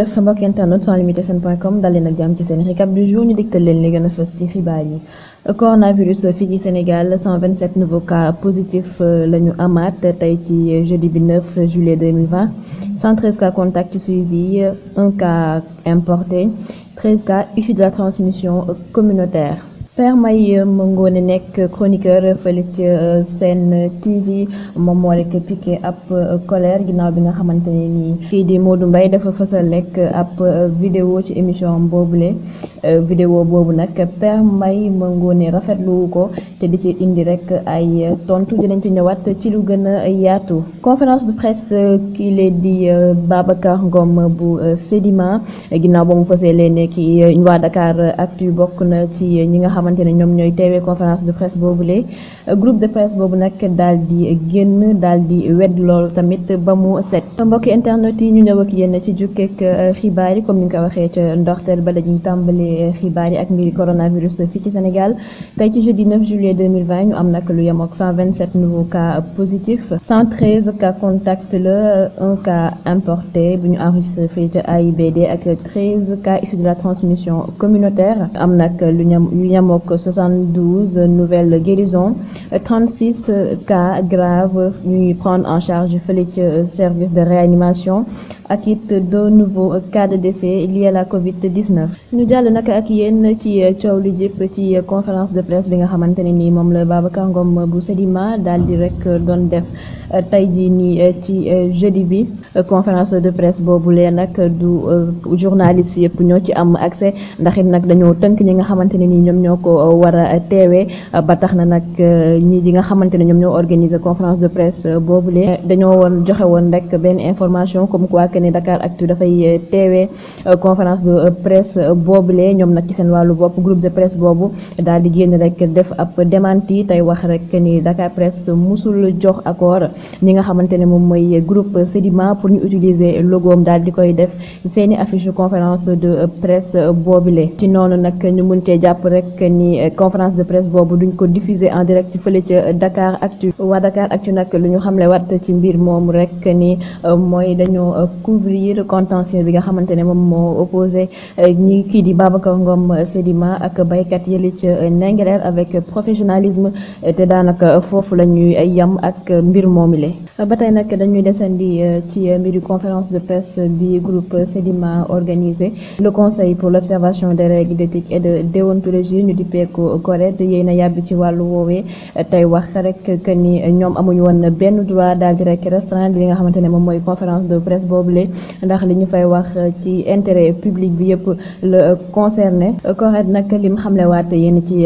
jëf mbokk internet sans limite seen point com dalee nag jàmm ci seen récap du jour ñu dégtal leen li gën a fës ci xibaar yi coronavirus fii ci Sénégal 127 nouveaux cas positifs euh, la ñu amaat tey ci jeudi bi 9 cas contacts suivis un cas importé 13 cas issus de la transmission communautaire Père Mayem Ngoné nekk chroniqueur fële ci euh, seen TV moom moo rek piqué ab euh, colère ginnaaw bi nga xamante ne nii kii di Modou mbay dafa fësal rek ab euh, vidéo ci émission boobule vidéo boobu nag Père Mayem Ngoné rafetlu ko te di ci indi rek ay euh, tontu dinañ ci ñëwaat ci lu gën a yaatu conférence de presse euh, kii lee di euh, Babacar Ngom bu Sedima ginnaaw ba mu fasee leen ne ki waa Dakar Actu bokk na ci ñi nga xamante ne ñoom ñooy teewee conférence de presse boobule groupe de presse boobu nag daal di génn daal di wedd lool tamit ba mu set mbokk internet yi ñu ñëw ak yéen ci jukkeek xibaar yi comme ni nga ko waxee ca ndorteel ba la ñuy tàmbali xibaar yi ak mbiri coronavirus fii ci Sénégal tey ci jeudi juillet 2020 ñu am nag lu yem ak 127 nouveaux cas positifs cas contact la un cas importé bu ñu enregistré fii ca AIBD ak 13 cas issus de la transmission communautaire am nag lu ñam lu yem ak 72 nouvelles guérisons 36 cas graves ñuy prendre en charge fële ca service de réanimation ak it deux nouveaux cas de décès liés à la Covid 19. ñu jàll nag ak yéen ci coow lu jëpp ci conférence de presse bi nga xamante ni moom la Babacar Ngom bu Sedima daal di rek doon def euh, tey jii nii euh, ci euh, jeudi bi conférence de presse boobu lee nag du journaliste yëpp ñoo ci am accès ndax it nag dañoo tënk ñi nga xamante ne nii ñoom ñoo ko war a teewee na nag ñi di nga xamante ne ñoom ñoo organiser conférence de boobu lee dañoo woon joxe woon rek benn information comme quoi que ne Dakar Actu dafay ñoom nag ci seen wàllu bopp groupe de presse boobu daal di génn rek def ab démenti tey wax rek ni Dakar Presse musul jox accord ni nga xamante ne moom mooy groupe Sedima pour ñu utiliser logoom daal di koy def seeni affiche conférence de presse boobile ci noonu nag ñu mën cee jàpp rek ni conférence de presse boobu duñ ko diffuser en direct fële ca Dakar Actu waa Dakar Actu nag lu ñu xamle wat ci mbir moom rek ni euh, mooy dañoo euh, couvrir contentieux bi nga xamante ne moom moo opposé euh, ñi kii di Babacar Ngom Sedima ak baykat yële journalisme te daanaka foofu la ñuy yam ak mbir moomile ba tey nag dañuy desandi euh, ci mbiru conférence de presse bi groupe Sedima organisé le conseil pour l'observation des règles d'éthique et de déontologie ñu di peeko CORED yéen a yàbbi ci wàllu woowee tey wax rek que ni ñoom amuñu woon benn droit daal di rek restreindre li nga xamante ne moom mooy conférence de presse boobule ndax li ñu fay wax ci intérêt public bi yëpp la concerné CORED nag lim xamlewaat yéen ci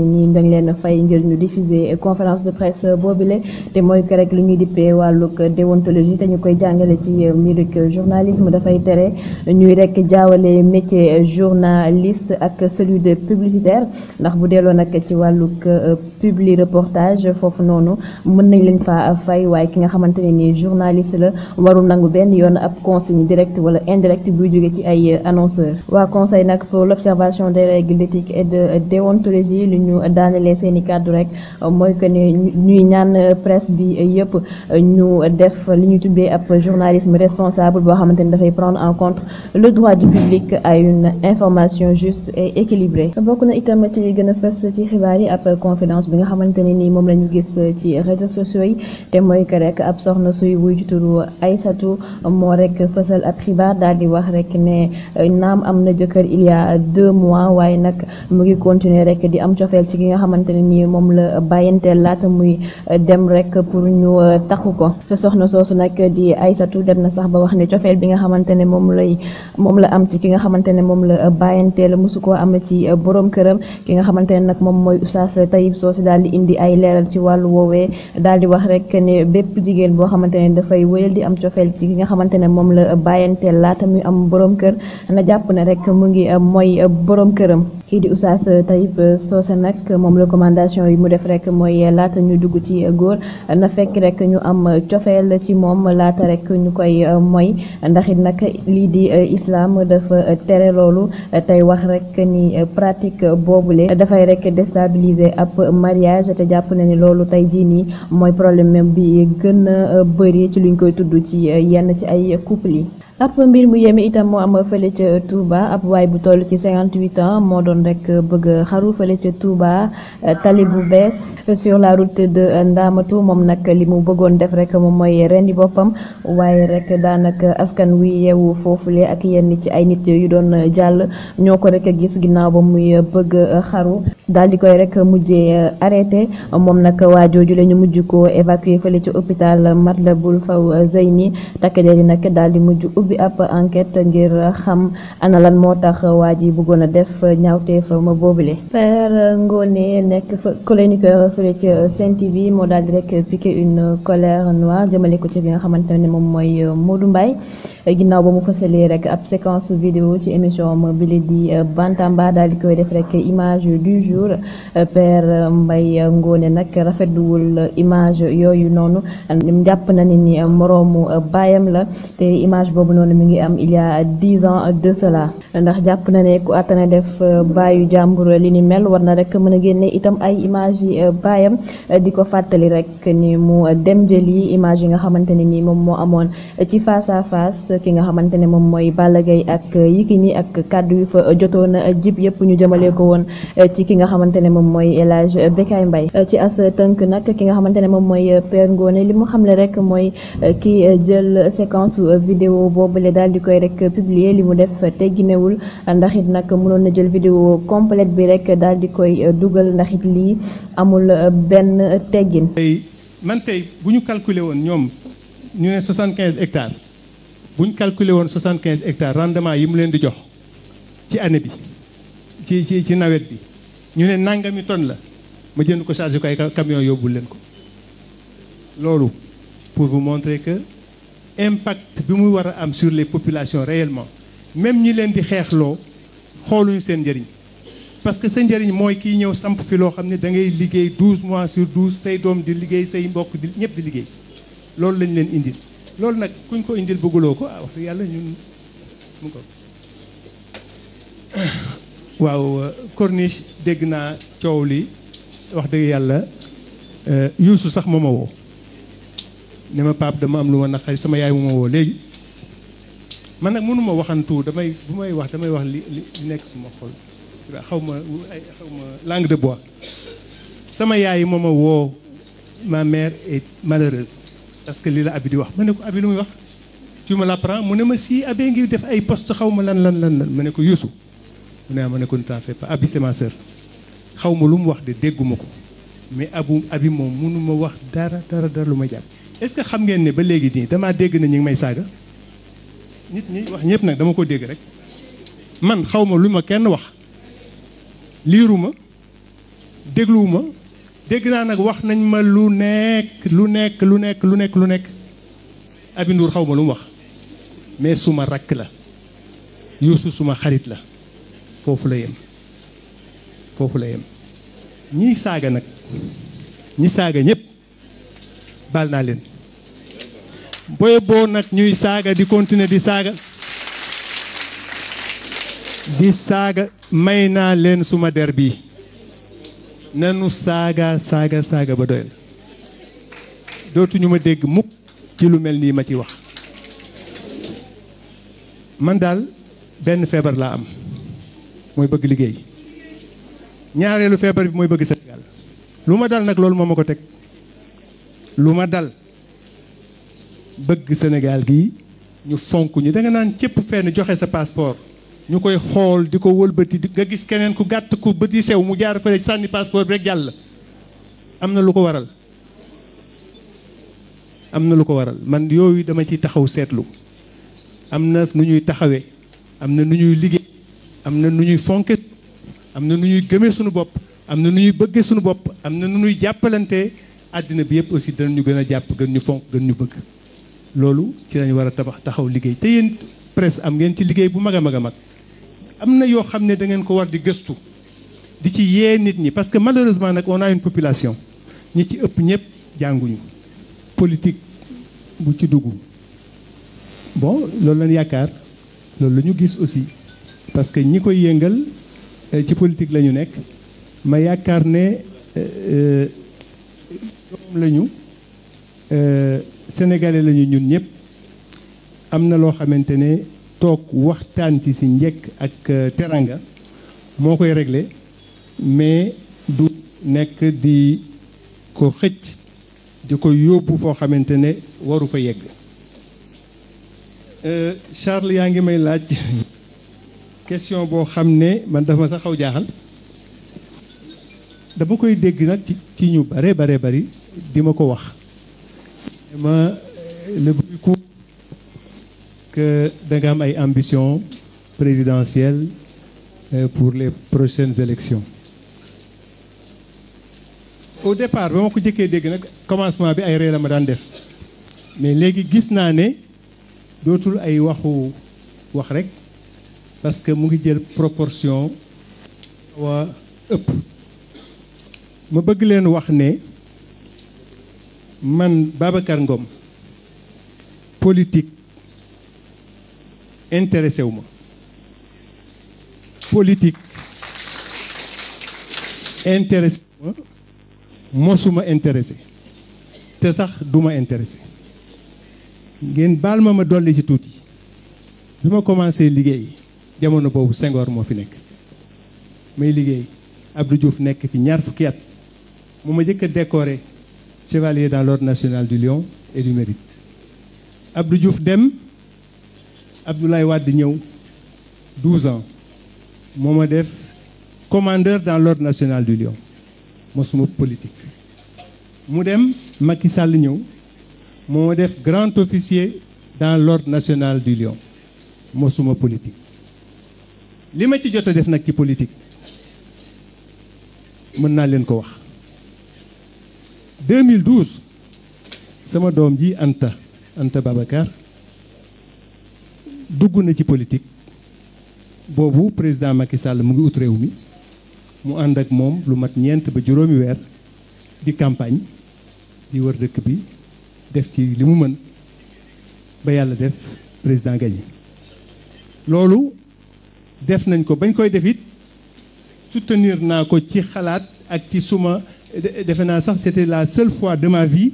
ne nii dañ leen fay ngir ñu diffuser conférence de presse boobule te mooy que rek li ñuy dippee wàllug déontologie te ñu koy jàngale ci mbirik journalisme dafay tere ñuy rek jaawale métier journaliste ak celui de publicitaire ndax bu delloo nag ci wàllug euh, publi reportage foofu noonu mën nañ leen fa fay waaye ki nga xamante ne nii journaliste la warul nangu benn yoon ab consigne direct wala indirect buy jóge ci ay annonceur waa conseil nag ñu daanelee seen i kàddu rek mooy que ne ñu ñaan presse bi yëpp ñu def li ñu tuddee ab journalisme responsable boo xamante ni dafay prendre en compte le droit du public à une information juste et équilibrée. bokk na itam ci li a fës ci xibaar yi ab conférence bi nga xamante ne nii moom la ñu gis ci réseaux sociaux yi te mooy que rek ab soxna suy wuy ci turu Aysatu moo rek fësal ab xibaar daal di wax rek ne naam am na jëkkër il y a deux mois waaye nag mu ngi cofeel ci ki nga xamante ne nii moom la bàyyanteel laata muy euh, dem rek pour ñu euh, taxu ko te soxna soosu nag di Aysatu dem na sax ba wax ne cofeel bi nga xamante ne moom lay moom la am ci ki nga xamante ne moom la euh, bàyyanteel mosu koo am ci borom këram ki nga xamante ne nag moom mooy Oustaz Tayib Socé daal di indi ay leeral ci wàllu woowee daal di wax rek ne bépp jigéen boo xamante ne dafay wéyal di am cofeel ci ki nga xamante ne moom la bàyyanteel laata muy am borom kër na jàpp na rek mu ngi mooy boroom këram kii di Oustaz Taïb soose nag moom recommandation yi mu def rek mooy laata ñu dugg ci góor na fekk rek ñu am cofeel ci moom laata rek ñu koy euh, moy ndax it nag lii di euh, islam dafa tere loolu tey wax rek ni euh, pratique boobule dafay rek déstabiliser ab mariage te jàpp na ni loolu tey jii nii mooy problème bi gën a bëri ci luñ koy tudd ci yenn ci ay couple yi ab mbir mu yéeme itam moo am fële ca Touba ab waaye bu toll ci 58 ans moo doon rek bëgg xaru fële ca Touba tali bu bees sur la route de Ndamatu moom nag li mu bëggoon def rek moom mooy rendi boppam waaye rek daanaka askan wi yeewu foofule ak yenn ci ay nit yu doon jàll ñoo ko rek gis ginnaaw ba muy bëgg xaru daal di koy rek mujjee euh, arrêté moom nag waa jooju la ñu mujj ko évacué fële ci hôpital Matlaboul Fawzayni takk der yi nag daal di mujj ubbi ab enquête ngir xam ana lan moo tax waa ji bëggoon a def fa ma boobule. Père Ngoné nekk fa chroniqueur fële ci Sen TV moo daal di rek piqué une colère noire jëmale ko ci li nga xamante ne moom mooy Modou Mbaye. Euh, ginnaaw ba mu fësalee rek ab séquence vidéo ci émission mobile di euh, Bantamba daal di koy def rek image yu du jour euh, Père mbay ngoone nag rafetluwul image yooyu noonu jàpp na ni ni moroomu baayam la te image boobu noonu mi ngi am il y a dix ans de cela ndax jàpp na ne ku àttana def baayu jàmbur li ni mel war na rek mën a génne itam ay image yi baayam di ko fàttali rek ni mu dem jëli image yi nga xamante ne ni moom moo amoon ci face à face ki nga xamante ne moom mooy Balla Gaye ak Yékini ak kàddu yu fa jotoon jib yëpp ñu jëmale ko woon eh, ci ki nga xamante ne moom mooy El Hadj Bécaye Mbaye eh, ci as tënk nag ki nga xamante ne moom mooy Père Ngoné li mu xamle rek mooy eh, ki jël séquence vidéo boobule daal di koy rek publier li mu def tegginewul ndax it nag mënoon na jël vidéo complète bi rek daal di koy dugal ndax it lii amul benn teggin. man bu ñu calculer woon ñoom ñu ne 75 bu ñu calculer woon 75 hectares rendement yi mu leen di jox ci année bi ci ci ci nawet bi ñu ne nangami tonne la ma jënd ko chargé ko ay camion yóbbul leen ko loolu pour vous montrer que impact bi mu war a am sur les populations réellement même ñi leen di xeexloo xooluñu seen njëriñ parce que sa njëriñ mooy kiy ñëw samp fi loo xam ne da ngay liggéey 12 mois sur 12 say doom di liggéey say mbokk di ñëpp di liggéey loolu lañ leen indil loolu nag kuñ ko indil bëgguloo ko ah yàlla ñun mu ko waaw euh, corniche dégg naa coow li wax dëgg yàlla euh, yuusu sax moo ma woo ne ma paap dama am lu ma naqari sama yaay mu ma woo léegi man nag mënuma waxantu damay bu may wax damay wax li li nekk suma xol xaw ma ay xaw ma langue de bois sama yaay moo ma woo ma mère est malheureuse parce que lii la abi di wax ma ne ko abi lu muy wax tu me mu ne ma si abi ngi def ay poste xaw ma lan lan lan lan ma ne ko Youssou mu ne ma ne ko ne t'en fais abi c'est ma xaw ma lu mu wax de dégguma ko mais abu abi moom mënu ma wax dara dara dara lu ma jàpp est-ce que xam ngeen ne ba léegi nii damaa dégg na ñu ngi may saaga nit ñi wax ñëpp nag dama ko dégg rek man xaw ma lu ma kenn wax liiruma dégluwuma dégg naa nag wax nañ ma lu nekk lu nekk lu nekk lu nekk lu nekk Aby xaw ma lu mu wax mais suma rakk la Youssou suma xarit la foofu la yem foofu la yem ñiy saaga nag ñi saaga ñëpp baal naa leen boy boo nag ñuy saaga di continuer di saaga di saaga may naa leen suma der bii nanu saaga saaga saaga ba doyal dootuñu ma dégg mukk ci lu mel nii ma ci wax man daal benn feebar laa am mooy bëgg liggéey ñaareelu feebar bi mooy bëgg Sénégal lu ma dal nag loolu moo ma ko teg lu ma dal bëgg Sénégal gi ñu fonk ñu danga naan cëpp fenn joxe sa passeport ñu koy xool di ko wëlbati nga gis keneen ku gàtt ku bët yi sew mu jaar a fële sànni passeport bi rek jàll am na lu ko waral am na lu ko waral man yooyu dama ciy taxaw seetlu am na nu ñuy taxawee am na nu ñuy liggéey am na nu ñuy fonke am na nu ñuy gëmee sunu bopp am na nu ñuy bëggee suñu bopp am na nu ñuy jàppalantee àddina bi yëpp aussi danañu gën a jàpp gën ñu fonk gën ñu bëgg loolu ci lañu war a tabax taxaw liggéey te yéen presse am ngeen ci liggéey bu mag a mag a mag am na yoo xam ne da ngeen ko war di gëstu di ci yee nit ñi parce que malheureusement nag on a une population ñi ci ëpp ñëpp jànguñu politique bu ci dugg bon loolu lañ yaakaar loolu lañu gis aussi parce que ñi koy yëngal euh, ci politique la ñu nekk ma yaakaar ne euh, euh, ñoom la ñu sénégalais la ñun ñëpp am na loo xamante ne toog waxtaan ci si njëkk ak euh, teranga moo koy régler mais du nekk di ko xëcc di ko yóbbu foo xamante ne waru fa yegg euh, Charles yaa ngi may laaj question boo xam ne man dafa ma sax xaw jaaxal dama koy dégg nag ci ñu bare bare bari di ma ko wax euh, que da am ay ambition présidentielle euh, pour les prochaines élections au départ ba ma ko jëkkee dégg nag commencement bi ay ree la ma daan def mais léegi gis naa ne dootul ay waxu wax rek parce que mu ngi jël proportion waa ëpp ma bëgg leen wax ne man Babacar Ngom politique intéressé wu ma politique intéressé ma mosuma intéressé te sax duma intéressé ngeen baal ma ma dolli ci tuuti bi ma commencé liggéey jamono boobu sengoor moo fi nekk may liggéey Abdou Diouf nekk fi ñaar fukki at mu ma jëkk a décoré chevalier dans l'ordre national du Lion et du Mérite Abdou dem Abdoulaye Wade ñëw 12 ans moo ma def commandeur dans l'ordre national du Lion mosuma politique mu dem Macky Sall ñëw moo ma def grand officier dans l'ordre national du Lion mosuma politique li ma ci jot a def nag ci politique mën naa leen ko wax 2012 sama doom ji Anta Anta Babacar dugg na ci politique boobu président Macky Sall mu ngi ut réew mi mu ànd ak moom lu mat ñeent ba juróomi weer di campagne di wër dëkk bi def ci li mu mën ba yàlla def président gagné loolu def nañ ko bañ koy def it soutenir naa ko ci xalaat ak ci suma defe naa sax c'était la seule fois de ma vie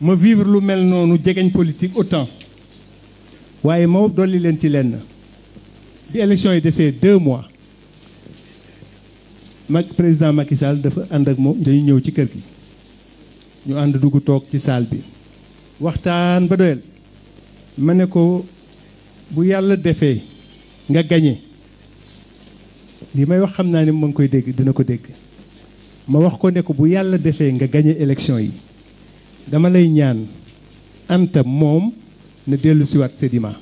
ma vivre lu mel noonu jegeñ politique autant waaye moo dolli leen ci lenn bi élection yi desee deux mois mag président Macky Sall dafa ànd ak moom dañu ñëw ci kër gi ñu ànd dugg toog ci salle bi waxtaan ba doyal ma ne ko bu yàlla defee nga gañe li may wax xam naa ni mu ngi koy dégg dina ko dégg ma wax ko ne ko bu yàlla defee nga gañe élection yi dama lay ñaan anta moom na dellu siwaat Sedima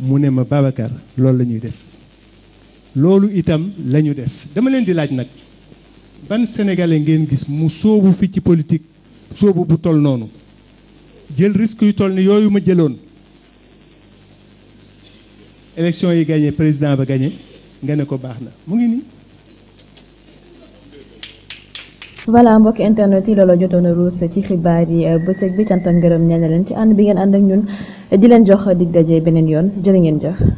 mu ne ma Babacar loolu lañuy def loolu itam la def dama leen di laaj nag ban sénégalais ngeen gis mu sóobu fi ci politique sóobu bu toll noonu jël risque yu toll ni yooyu ma jëloon élection yi gagné président ba gañe nga ne ko baax na voilà mbokk internet yi loola jotoon a ruus ci xibaar yi euh, bëccëg bi cant ak ngërëm leen ci ànd bi ngeen ànd ak ñun di leen jox dig daje beneen yoon jërë ngeen jox